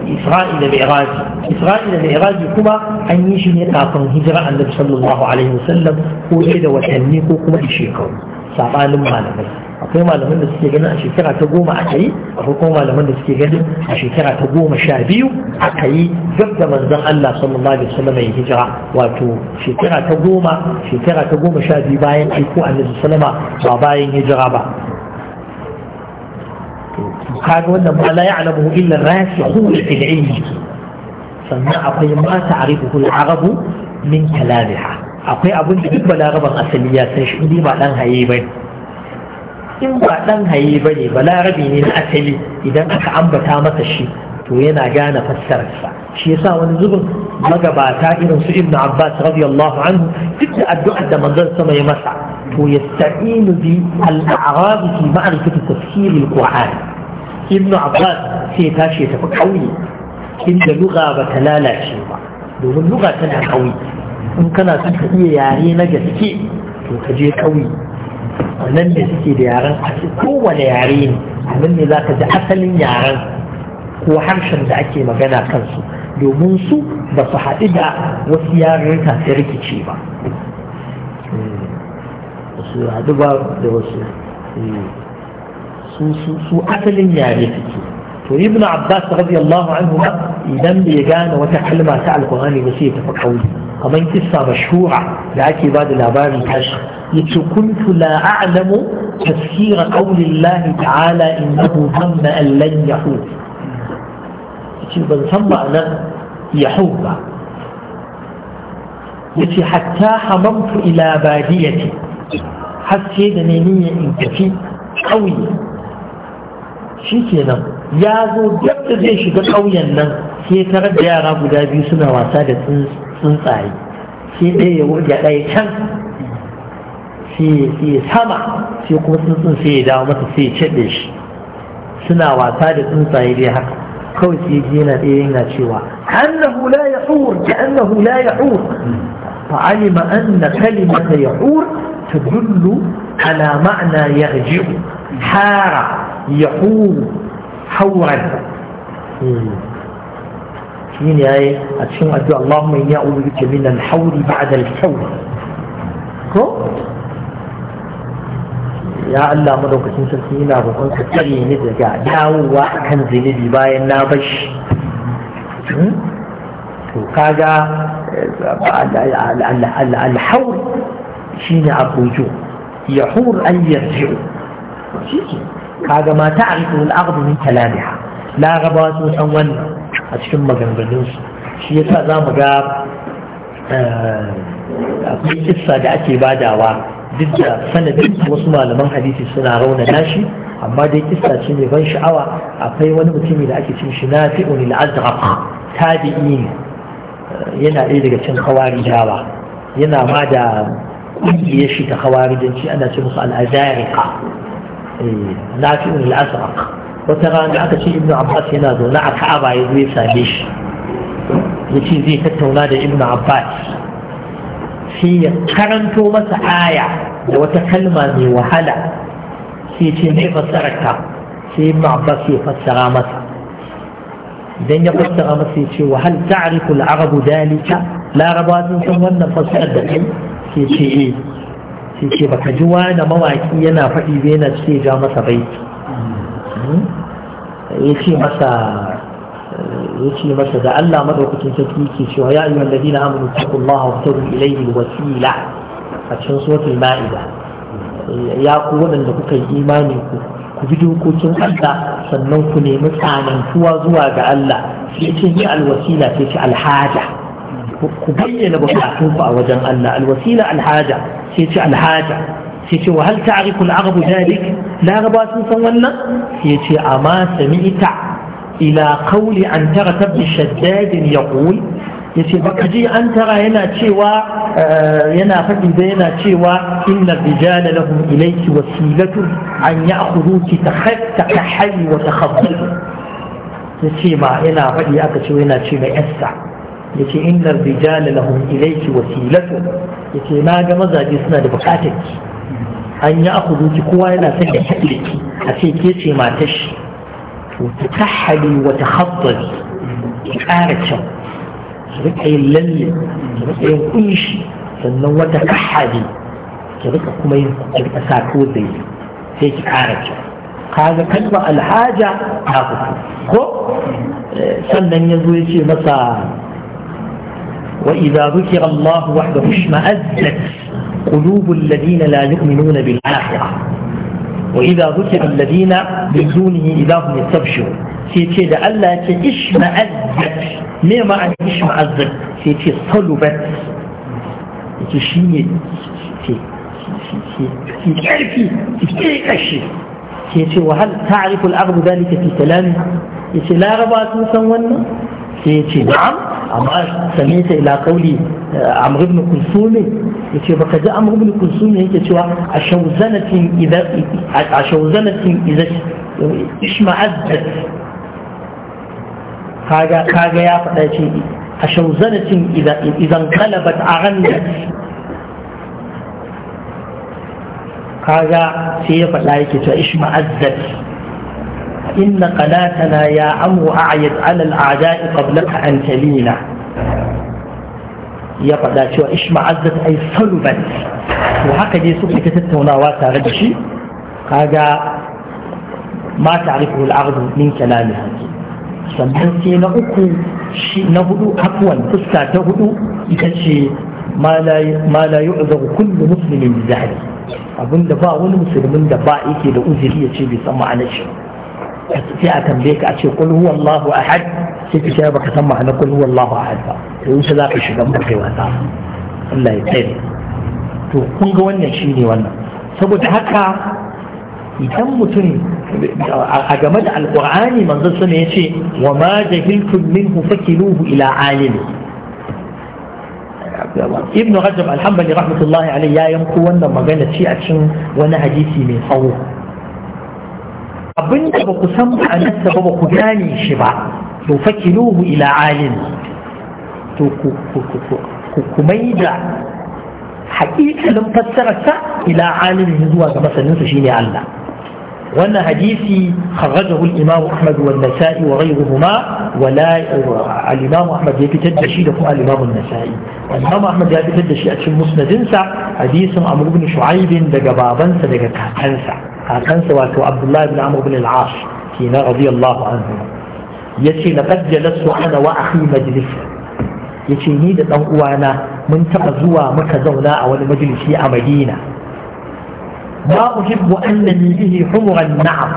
Isra'ila da mi'raji Isra'ila da Iraji kuma an yi shi ne kafin hijira annabi sallallahu alaihi wasallam ko da watanni ko kuma da shekaru sabanin malamai akwai malaman da suke ganin a shekara ta goma aka yi akwai kuma malaman da suke ganin a shekara ta goma sha biyu aka yi da manzon Allah sallallahu alaihi wasallam ya hijira wato shekara ta goma shekara ta goma sha biyu bayan aiko annabi sallama ba bayan hijira ba kaga wannan ma la ya'lamu illa rasikhun fil sannan akwai ma ta'rifuhu arabu min kalamiha akwai abin da duk balaraban asali ya san shi ba dan haye bane in ba ɗan haye ba ne balarabi ne na asali idan aka ambata masa shi to yana gane fassararsa shi yasa wani zubin magabata irin su ibnu abbas radiyallahu anhu duk da addu'ar da manzon sama ya masa to yasta'inu bi al-a'rab fi ma'rifati tafsir al-qur'an ibnu abbas sai tashi tafi kauye inda lugha ba ta lalace ba domin lugha tana kauye in kana son ka iya yare na gaske to ka je kauye nan ne suke da yaren ake kowane yare ne nan ne za ka ji asalin yaren ko harshen da ake magana kansu domin su ba su haɗu da wasu yarurruka sai rikici ba hmm. su haɗu ba da wasu hmm. su asalin yare suke to ibn abbas radiyallahu anhu idan bai gane wata kalma ta alkur'ani ba sai ya tafi kauli kamar kissa mashhura da ake ba da labarin tashi yace kuntu la a'lamu tafsira qaulillahi ta'ala innahu dhanna an lan yahud yace ban san ma'anar yahud ba yace hatta hamamtu ila badiyati har sai da ne niyyar in tafi ƙauye shi kenan ya zo duk da zai shiga ƙauyen nan sai tarar da yara guda biyu suna wasa da tsuntsu tsuntsaye sai ɗaya ya wurga ɗaya can sai sama sai kuma tsuntsun sai ya dawo masa sai ya caɗe shi suna wasa da tsuntsaye dai haka kawai sai ji yana ɗaya yana cewa annahu la yahur ka annahu la yahur fa alima anna kalimata yahur tadullu ala ma'na yarji'u hara yahur hawran hmm. 20 آية أتشم أدو اللهم إني أولوك من الحول بعد الحول كو يا الله ما دوك تنسل سينا بقون كتري نزل جا جاو واحكن زيني بباية نابش وكاجا الحول شيني أبوجو يحور أن يرجع كاجا ما تعرف الأرض من كلامها لا غبات وحوانا a cikin maganganunsu shi yasa za mu ga eh, akwai kissa da ake badawa duk da sanadin wasu malaman hadisi suna rauna shi amma dai kissa ce mai ban sha'awa akwai wani mutumi da ake cin shi na fi'un al'azraq tabi'i ne yana ɗaya daga cin kawari dawa yana ma da ƙungiyar shi ta kawari ana ce musu al'azariqa eh, na fi'un al'azraq wata rana aka ce Ibn abbas yana zaune a ka'aba ya zo ya same shi ya ce zai tattauna da Ibn abbas sai ya karanto masa aya da wata kalma mai wahala sai ce mai fassararta sai Ibn abbas ya fassara masa idan ya fassara masa ya ce wahal ta'rifu al-arabu dalika laraba sun san wannan fassarar da kai sai ce eh sai ce baka ji wani mawaki yana faɗi bai na ce ja masa baiki yace masa da Allah madaukakin sarki yake cewa ya ayyuhan ladina amanu taqu Allah wa tabu ilayhi wasila a cikin suratul ma'ida ya ku wadanda kuka yi imani ku bi dokokin Allah sannan ku nemi tsanantuwa zuwa ga Allah sai yace ni alwasila sai ce alhaja ku bayyana bukatun ku a wajen Allah alwasila alhaja sai ce alhaja yace wa سيتي وهل تعرف العرب ذلك لا sun san wannan yace أما sami'ta ila qawli an tara tab shaddad yaqul yace baka ji an tara yana cewa yana fadi da yana cewa inna rijala lahum ilayki wasilatu an ya'khudhuki takhatta tahay wa takhaddu yace ma yana fadi aka ce yana ce mai yassa yace inna rijala lahum ilayki wasilatu yace na ga mazaje suna da bukatar an yi aku zuci kowa yana son ya haɗe ki a ce ke ce matar shi wata ta tahali wata ta haɓɓari ki ƙara can, ki rika yin lalle ki rika yin kunshi sannan wata kahali ki rika kuma yin ki rika sa ko zai sai ki ƙara kyau kaga kalma alhaja ta ko eh, sannan ya zo ya ce masa وإذا ذكر الله وحده اشمأزت قلوب الذين لا يؤمنون بالآخرة وإذا ذكر الذين من دونه إذا هم يستبشرون سيتي لألا اشمأزت ما معنى اشمأزت سيتي صلبت سيتي شيني سيتي سيتي سيتي وهل تعرف الأرض ذلك في كلامها يتي لا ربا تنسى sai ce na'am amma sami ta ila kauli amr ibn kulsum yace baka ji amr ibn kulsum yake cewa a shawzanatin idza a shawzanatin idza ishma'azzat kaga kaga ya faɗa ce a shawzanatin idza idan qalabat aghandat kaga sai ya faɗa yake cewa ishma'azzat إن قناتنا يا عم أعيد على الأعداء قبلك أن تلينا ya faɗa cewa ishma'azzat ay salubat to haka dai suka ta tattaunawa tare da shi kaga ma ta'rifu al-ard min kalami sannan sai uku shi na hudu afwan fuska ta hudu ita ce ma la yu'zaru kullu da bi abinda ba wani musulmin da ba yake da uzuri ya ce bai san ma'anar sai a tambaye ka a ce kul huwa Allahu ahad sai ka ce baka san ma'ana kul huwa Allahu ahad ba to wuce za ka shiga mu kai wasa Allah ya tsare to kun ga wannan shine wannan saboda haka idan mutum a game da alkur'ani manzo sama ya ce wa ma jahiltum minhu fakiluhu ila alim ibnu rajab alhambali rahmatullahi alaihi ya yanko wannan magana ce a cikin wani hadisi mai tsawo abin da ba ku san ma'anarsa ba ku gane shi ba to kiluhu ila alim to ku ku ku ku da hakikalin fassararsa zuwa ga masanin shine Allah wannan hadisi kharajahu al-imam Ahmad wa nasai wa ghayruhuma wa la ya fitar da shi da kuma al-imam an-nasai ya fitar da shi a cikin musnadinsa hadisin Amr ibn Shu'aib daga babansa daga kakansa kakansa wato abdullahi ibn amr ibn al-ash rabi radiyallahu anhu yace laqad jalastu ana wa akhi majlisa yace ni da ɗan uwana mun taba zuwa muka zauna a wani majalisi a Madina ma uhibbu ni bihi humuran na'am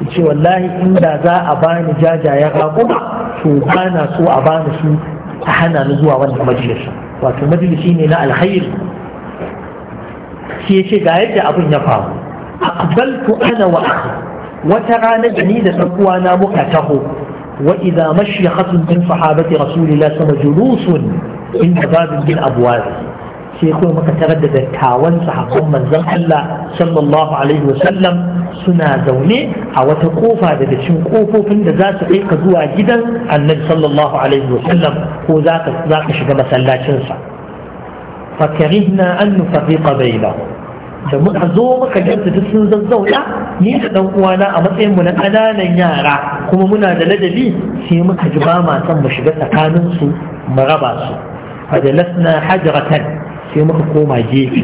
yace wallahi inda za a bani jajayen raguma to bana so a bani su a hana ni zuwa wannan majalisi wato majalisi ne na alkhairi shi yace ga yadda abin ya faru aqbaltu ana wa wata rana da ni da ɗan uwana muka taho wa idza mashyakhatun min sahabati rasulillahi sama julusun inda babin bin abwabi sai kuma muka tarar da dattawan sahabban manzon Allah sallallahu alaihi wa sallam suna zaune a wata kofa da cikin kofofin da za su aika zuwa gidan annabi sallallahu alaihi wa sallam ko za ka shiga masallacinsa fakarihna an nufarriqa bainahum da muka zo muka ganta duk sun zazzauna ni da dan uwana a matsayin mu na kananan yara kuma muna da ladabi sai muka ji ba mu shiga tsakanin su mu raba su fajalasna hajratan sai muka koma gefe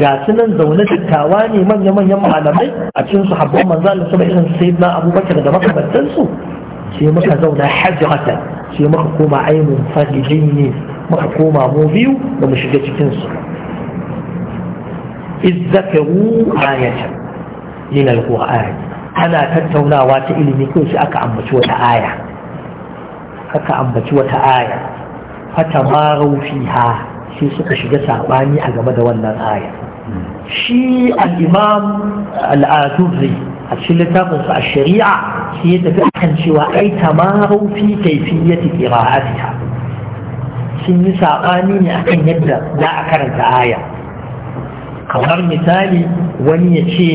ga su nan zaune dattawa ne manya manyan malamai a cikin su habban manzo Allah sai irin sayyidina Abubakar da makamantan su sai muka zauna hajratan sai muka koma aimun fadijin ne muka koma mu biyu da mu shiga cikin su إذ Ana tattaunawa ta ilimi أنا aka ambaci wata aya. Aka ambaci wata aya. آية فتماروا fiha sai suka shiga saɓani a game da wannan aya shi Al'adu al'adurri a cikin littafinsa a shari'a shi ya tafi akan cewa ai tamarau fi kaifiyyati qira'atiha sun yi saɓani ne akan yadda za a karanta aya kamar misali wani ya ce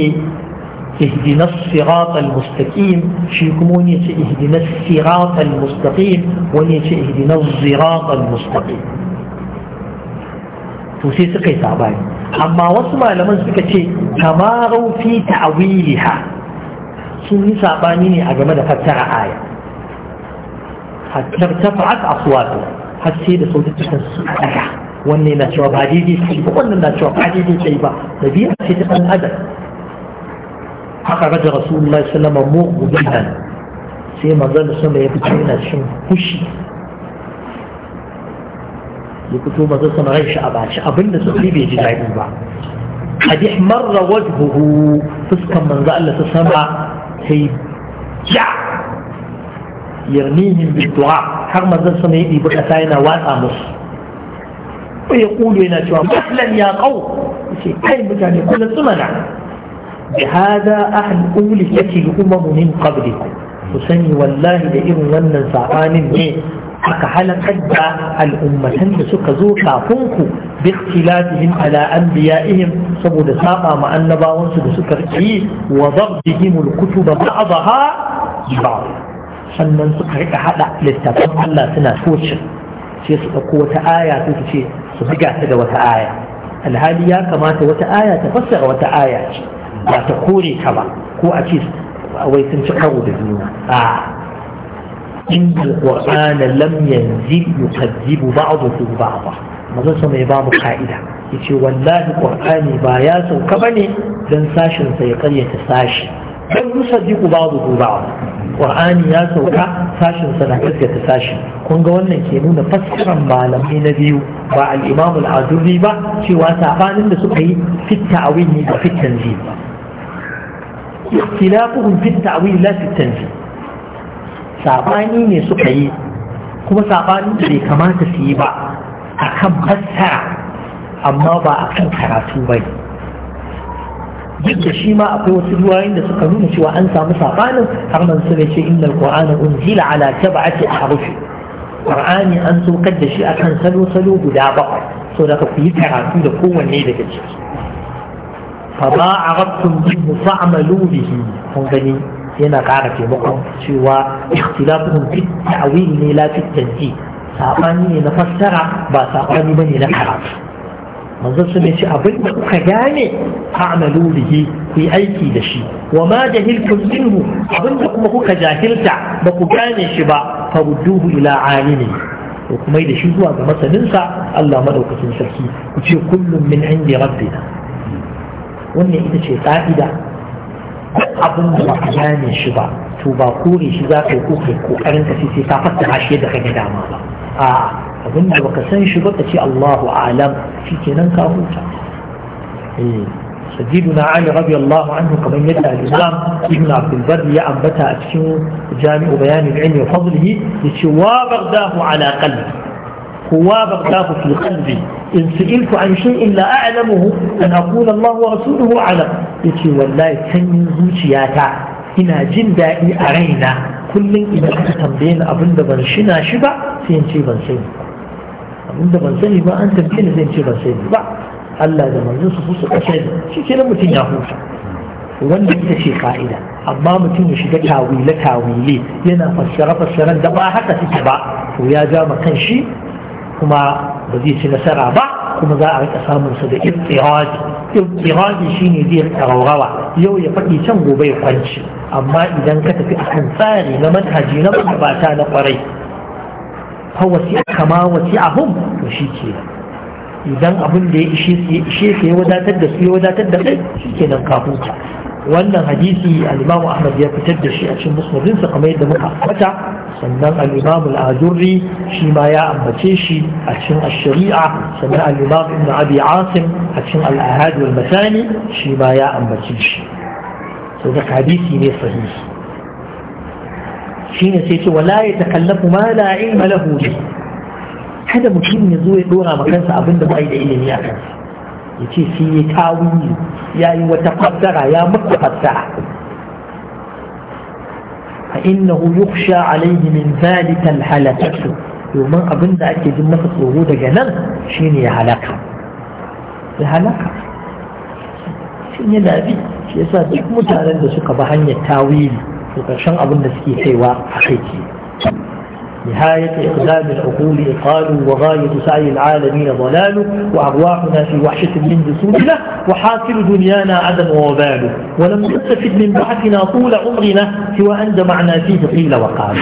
ihdinas siratal mustaqim shi kuma wani ya ce ihdinas siratal mustaqim wani ya ce ihdinas siratal mustaqim to sai suka yi sabani amma wasu malaman suka ce tamarau fi ta'wiliha sun yi sabani ne a game da fassara aya hatta tafa'at aswatu har sai da sautukan su daga wannan na cewa ba daidai sai ba wannan na cewa ba daidai sai ba dabi'a ce ta dan adam haka raja rasulullahi sallama mu gudan sai manzon sama ya fito yana cikin fushi ya fito manzon sama ran shi a baci abinda sai bai ji daɗi ba قد احمر وجهه فسكن من ذا الله سسمع هي جع يرميهم بالدعاء حق من ذا سمع يبقى تاينا وان أمس ko ya kulu yana cewa mahlan ya kau ce kai mutane kula tsumana bi hada ahal uli yake kuma min qablikum ku sani wallahi da irin wannan sabanin ne aka halakar da al'ummatan da suka zo kafin ku bi ikhtilafihim ala anbiya'ihim saboda saba ma annabawansu da suka yi wa dabdihim al-kutuba ba'daha ba'd sannan suka rika hada littafin Allah suna tocin sai su ɗauko wata aya sai su ce su buga ta da wata aya alhali ya kamata wata aya ta fassara wata aya ce ba ta kore ka ba ko a ce wai sun ci karo da juna a إن القرآن لم ينزل يكذب بعضه بعضا mazan sama ya ba mu ka'ida ya ce wallahi ƙur'ani ba ya sauka ba ne don sashinsa ya karyata sashi dan yusaddiqu ba'dahu duba, qur'ani ya sauka sashin sadakar ta sashi kun ga wannan ke nuna fassarar malamai na biyu ba al-imam al ba cewa sabanin da suka yi fit ta'wil ne da fit tanzil ikhtilafuhum fit ta'wil la fit tanzil sabani ne suka yi kuma sabanin da bai kamata su yi ba akan fassara amma ba akan karatu bai. duk da shi ma akwai wasu ruwayoyin da suka nuna cewa an samu sabanin har man suka ce inna alqur'ana unzila ala sab'ati ahruf qur'ani an saukar da shi akan salo salo guda bakwai so da ku yi karatu da kowanne daga ciki fa ba arabtum bihi fa'malu bihi kun gani yana ƙara taimakon cewa ikhtilafuhum fi ta'wil ne la fi tanzi sabani ne na fassara ba sabani bane na karatu manzon su ce abin da kuka gane fa'amalu bihi ku yi aiki da shi wa ma jahiltum minhu abin da kuma kuka jahilta ba ku gane shi ba farudduhu ila alimi ko kuma da shi zuwa ga masaninsa Allah madaukakin sarki ku ce kullum min indi rabbina wannan ita ce ka'ida abin da ba ka gane shi ba to ba kore shi za ka yi ko kai kokarin ka sai ka fassara shi da kake dama ba abin da baka san shi baka ce Allahu alam shi kenan ka huta eh سيدنا علي رضي الله عنه كمن يدعى الإمام ابن عبد البر يا أنبتا أتشو جامع بيان العلم وفضله يتشوى بغداه على قلبي هو بغداه في قلبي إن سئلت عن شيء لا أعلمه أن أقول الله ورسوله أعلم يتشي والله تنين زوجياتا إنا جندائي أرينا كل إذا كنت تنبين أبن بنشنا شبع سينتي بنسيني abinda ban sani ba an tambaye ni zan ce ban sani ba Allah da manzon su su kace shi kenan mutum ya huta wanda ita ce ka'ida amma mutum ya shiga tawile tawile yana fassara fassaran da ba haka suke ba to ya ja ma kan shi kuma ba zai ci nasara ba kuma za a rika samun sa da irtiraji irtiraji shine zai rika raurawa yau ya faɗi can gobe ya kwanci amma idan ka tafi akan tsari na manhaji na magabata na kwarai fawasi kama wasi ahum to shi ke idan abin da ya ishe su ya wadatar da su ya wadatar da kai shi ke nan kafuta wannan hadisi al-imamu ahmad ya fitar da shi a cikin musnadin sa kamar yadda muka ambata sannan al-imamu al-azurri shi ma ya ambace shi a cikin ash-shari'a sannan al-imamu ibn abi asim a cikin al-ahad wal masani shi ma ya ambace shi to da hadisi ne sahihi شيء نسيته ولا يتكلف ما لا علم له به هذا مكين يزوي دورا مكانس أبن دبو أيد إلي مياك يتي سي تاوي يا إيوة تفسر يا مك تفسر فإنه يخشى عليه من ذلك الحالة تكسو يوم أبن دعك جمك صهود جنن شيني علاقة لهلاقة شيني لابي يسا ديك متعلن دسوك بحن يتاويل to karshen abin da suke نهاية إقدام العقول إقال وغاية سعي العالمين ضلال وأرواحنا في وحشة من جسودنا وحاصل دنيانا عدم وبال ولم نستفد من بحثنا طول عمرنا سوى أن جمعنا فيه قيل وقال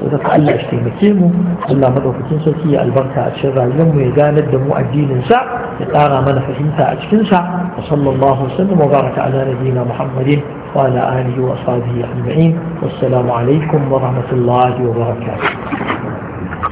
sau da Allah shi taimake mu Allah madaukakin sarki ya albarka a cikin rayuwar mu ya ganar da mu addinin sa ya ƙara mana fahimta a cikin sa wa sallallahu sallam wa baraka ala nabiyina Muhammadin wa ala alihi wa ashabihi ajma'in wassalamu alaikum wa rahmatullahi wa barakatuh